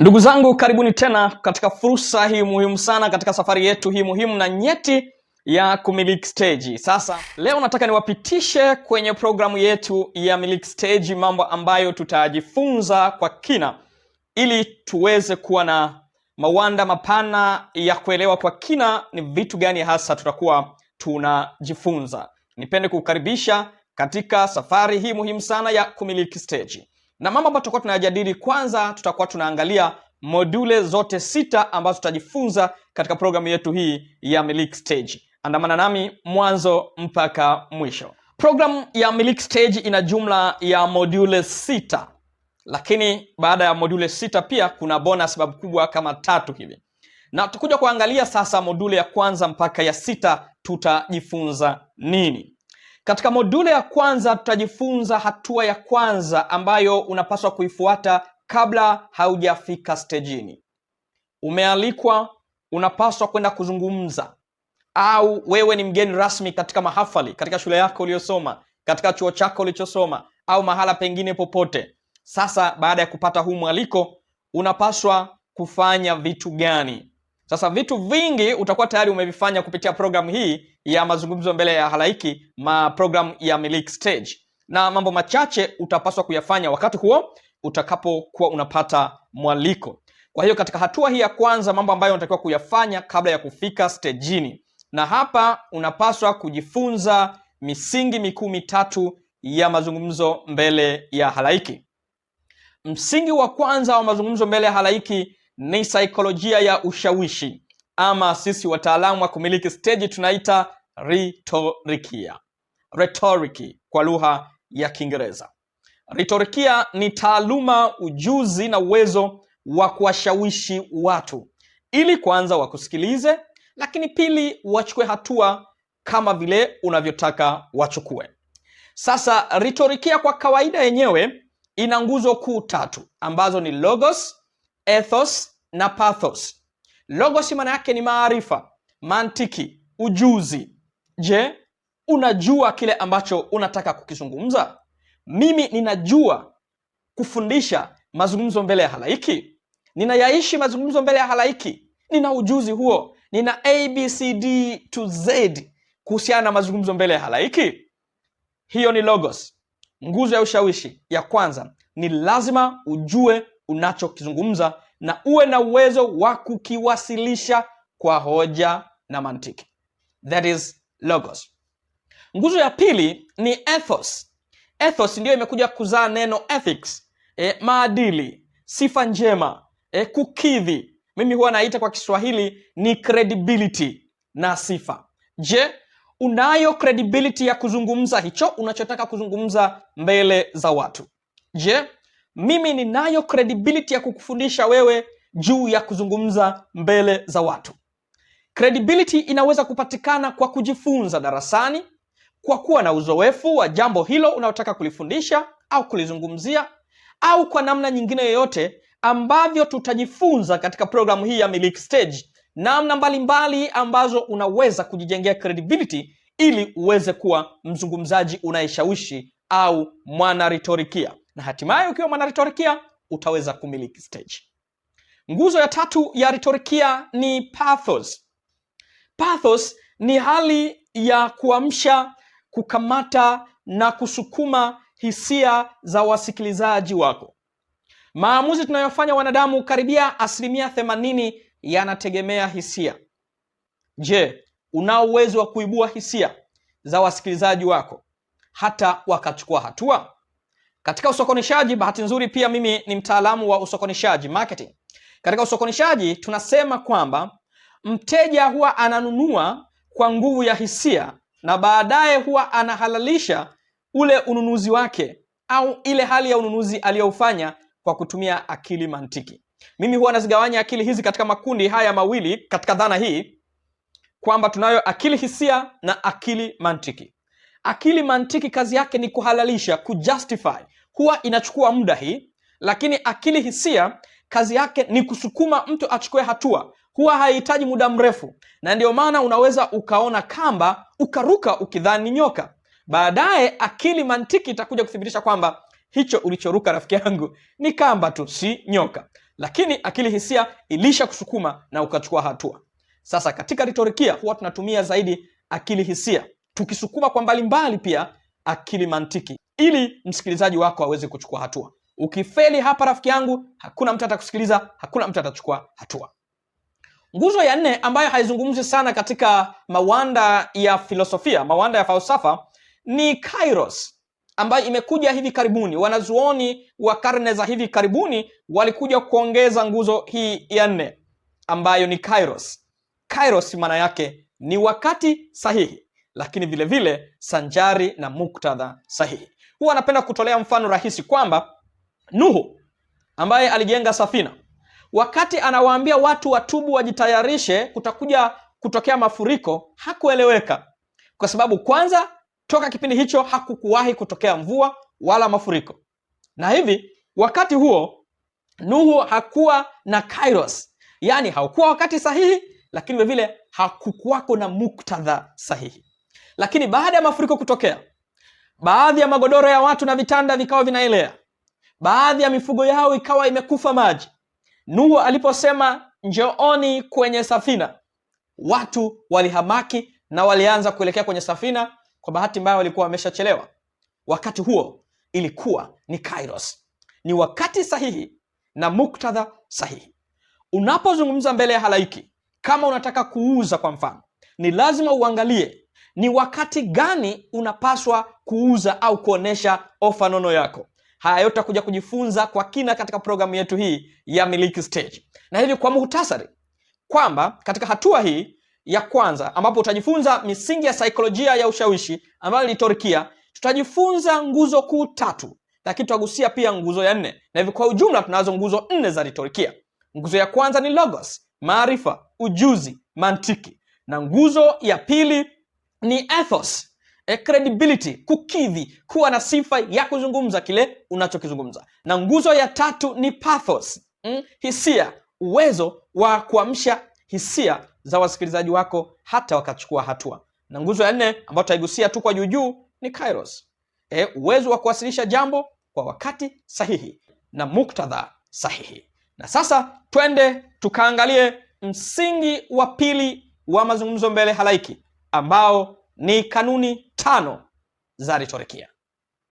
Ndugu zangu, karibuni tena katika fursa hii muhimu sana katika safari yetu hii muhimu na nyeti ya kumiliki stage. Sasa leo nataka niwapitishe kwenye programu yetu ya Miliki Stage mambo ambayo tutajifunza kwa kina ili tuweze kuwa na mawanda mapana ya kuelewa kwa kina ni vitu gani hasa tutakuwa tunajifunza. Nipende kukukaribisha katika safari hii muhimu sana ya kumiliki stage. Na mambo ambayo tutakuwa tunayajadili, kwanza tutakuwa tunaangalia module zote sita ambazo tutajifunza katika programu yetu hii ya Milik Stage. Andamana nami mwanzo mpaka mwisho. Programu ya Milik Stage ina jumla ya module sita, lakini baada ya module sita pia kuna bonus sababu kubwa kama tatu hivi, na tutakuja kuangalia sasa module ya kwanza mpaka ya sita tutajifunza nini. Katika module ya kwanza tutajifunza hatua ya kwanza ambayo unapaswa kuifuata kabla haujafika stejini. Umealikwa, unapaswa kwenda kuzungumza, au wewe ni mgeni rasmi katika mahafali, katika shule yako uliyosoma, katika chuo chako ulichosoma, au mahala pengine popote. Sasa baada ya kupata huu mwaliko, unapaswa kufanya vitu gani? Sasa vitu vingi utakuwa tayari umevifanya kupitia programu hii ya mazungumzo mbele ya halaiki, ma programu ya Miliki Stage, na mambo machache utapaswa kuyafanya wakati huo utakapokuwa unapata mwaliko. Kwa hiyo katika hatua hii ya kwanza, mambo ambayo unatakiwa kuyafanya kabla ya kufika stejini, na hapa unapaswa kujifunza misingi mikuu mitatu ya mazungumzo mbele ya halaiki. Msingi wa kwanza wa mazungumzo mbele ya halaiki ni saikolojia ya ushawishi ama sisi wataalamu wa kumiliki steji tunaita ritorikia, retoriki kwa lugha ya Kiingereza. Ritorikia ni taaluma, ujuzi na uwezo wa kuwashawishi watu ili kwanza wakusikilize, lakini pili wachukue hatua kama vile unavyotaka wachukue. Sasa ritorikia kwa kawaida yenyewe ina nguzo kuu tatu ambazo ni logos, ethos na pathos. Logos maana yake ni maarifa, mantiki, ujuzi. Je, unajua kile ambacho unataka kukizungumza? Mimi ninajua kufundisha mazungumzo mbele ya halaiki, ninayaishi mazungumzo mbele ya halaiki, nina ujuzi huo, nina abcd to z kuhusiana na mazungumzo mbele ya halaiki. Hiyo ni logos. Nguzo ya ushawishi ya kwanza ni lazima ujue unachokizungumza na uwe na uwezo wa kukiwasilisha kwa hoja na mantiki. That is logos. Nguzo ya pili ni ethos. Ethos ndiyo imekuja kuzaa neno ethics, e, maadili, sifa njema, e, kukidhi. Mimi huwa naita kwa Kiswahili ni credibility na sifa. Je, unayo credibility ya kuzungumza hicho unachotaka kuzungumza mbele za watu? Je, mimi ninayo credibility ya kukufundisha wewe juu ya kuzungumza mbele za watu. Credibility inaweza kupatikana kwa kujifunza darasani, kwa kuwa na uzoefu wa jambo hilo unaotaka kulifundisha au kulizungumzia, au kwa namna nyingine yoyote ambavyo tutajifunza katika programu hii ya Miliki Stage, namna mbalimbali ambazo unaweza kujijengea credibility ili uweze kuwa mzungumzaji unayeshawishi au mwana ritorikia na hatimaye ukiwa mwanaretorikia utaweza kumiliki stage. Nguzo ya tatu ya retorikia ni pathos. Pathos ni hali ya kuamsha, kukamata na kusukuma hisia za wasikilizaji wako. Maamuzi tunayofanya wanadamu karibia asilimia themanini yanategemea hisia. Je, unao uwezo wa kuibua hisia za wasikilizaji wako hata wakachukua hatua? Katika usokonishaji, bahati nzuri pia mimi ni mtaalamu wa usokonishaji marketing. Katika usokonishaji tunasema kwamba mteja huwa ananunua kwa nguvu ya hisia na baadaye huwa anahalalisha ule ununuzi wake au ile hali ya ununuzi aliyoufanya kwa kutumia akili mantiki. Mimi huwa nazigawanya akili hizi katika makundi haya mawili katika dhana hii kwamba tunayo akili hisia na akili mantiki. Akili mantiki kazi yake ni kuhalalisha, kujustify huwa inachukua muda hii, lakini akili hisia kazi yake ni kusukuma mtu achukue hatua, huwa haihitaji muda mrefu, na ndio maana unaweza ukaona kamba ukaruka ukidhani nyoka. Baadaye akili, mantiki itakuja kuthibitisha kwamba hicho ulichoruka rafiki yangu ni kamba tu, si nyoka, lakini akili hisia ilisha kusukuma na ukachukua hatua. Sasa katika ritorikia huwa tunatumia zaidi akili hisia, tukisukuma kwa mbalimbali mbali pia akili mantiki ili msikilizaji wako aweze kuchukua hatua. Ukifeli hapa, rafiki yangu, hakuna mtu atakusikiliza, hakuna mtu atachukua hatua. Nguzo ya nne ambayo haizungumzi sana katika mawanda ya filosofia, mawanda ya falsafa ni kairos ambayo imekuja hivi karibuni. Wanazuoni wa karne za hivi karibuni walikuja kuongeza nguzo hii ya nne ambayo ni kairos. Kairos maana yake ni wakati sahihi, lakini vilevile vile, sanjari na muktadha sahihi. Huwa anapenda kutolea mfano rahisi kwamba Nuhu ambaye alijenga safina, wakati anawaambia watu watubu, wajitayarishe, kutakuja kutokea mafuriko, hakueleweka kwa sababu kwanza, toka kipindi hicho hakukuwahi kutokea mvua wala mafuriko, na hivi wakati huo Nuhu hakuwa na kairos, yani haukuwa wakati sahihi, lakini vilevile hakukuwako na muktadha sahihi. Lakini baada ya mafuriko kutokea baadhi ya magodoro ya watu na vitanda vikawa vinaelea, baadhi ya mifugo yao ikawa imekufa maji. Nuhu aliposema njooni kwenye safina, watu walihamaki na walianza kuelekea kwenye safina. Kwa bahati mbayo walikuwa wameshachelewa. Wakati huo ilikuwa ni Kairos, ni wakati sahihi na muktadha sahihi. Unapozungumza mbele ya halaiki, kama unataka kuuza, kwa mfano, ni lazima uangalie ni wakati gani unapaswa kuuza au kuonesha ofa nono yako. Haya yote takuja kujifunza kwa kina katika programu yetu hii ya Miliki Stage, na hivi kwa muhtasari kwamba katika hatua hii ya kwanza ambapo utajifunza misingi ya saikolojia ya ushawishi ambayo nilitorikia, tutajifunza nguzo kuu tatu, lakini tutagusia pia nguzo ya nne, na hivi kwa ujumla tunazo nguzo nne za retorikia. Nguzo ya kwanza ni logos, maarifa, ujuzi, mantiki, na nguzo ya pili ni ethos, e, credibility, kukidhi, kuwa na sifa ya kuzungumza kile unachokizungumza. Na nguzo ya tatu ni pathos, mm, hisia, uwezo wa kuamsha hisia za wasikilizaji wako hata wakachukua hatua. Na nguzo ya nne ambayo tutaigusia tu kwa juu ni kairos, e, uwezo wa kuwasilisha jambo kwa wakati sahihi na muktadha sahihi. Na sasa twende tukaangalie msingi wa pili wa mazungumzo mbele halaiki ambao ni kanuni tano za ritorikia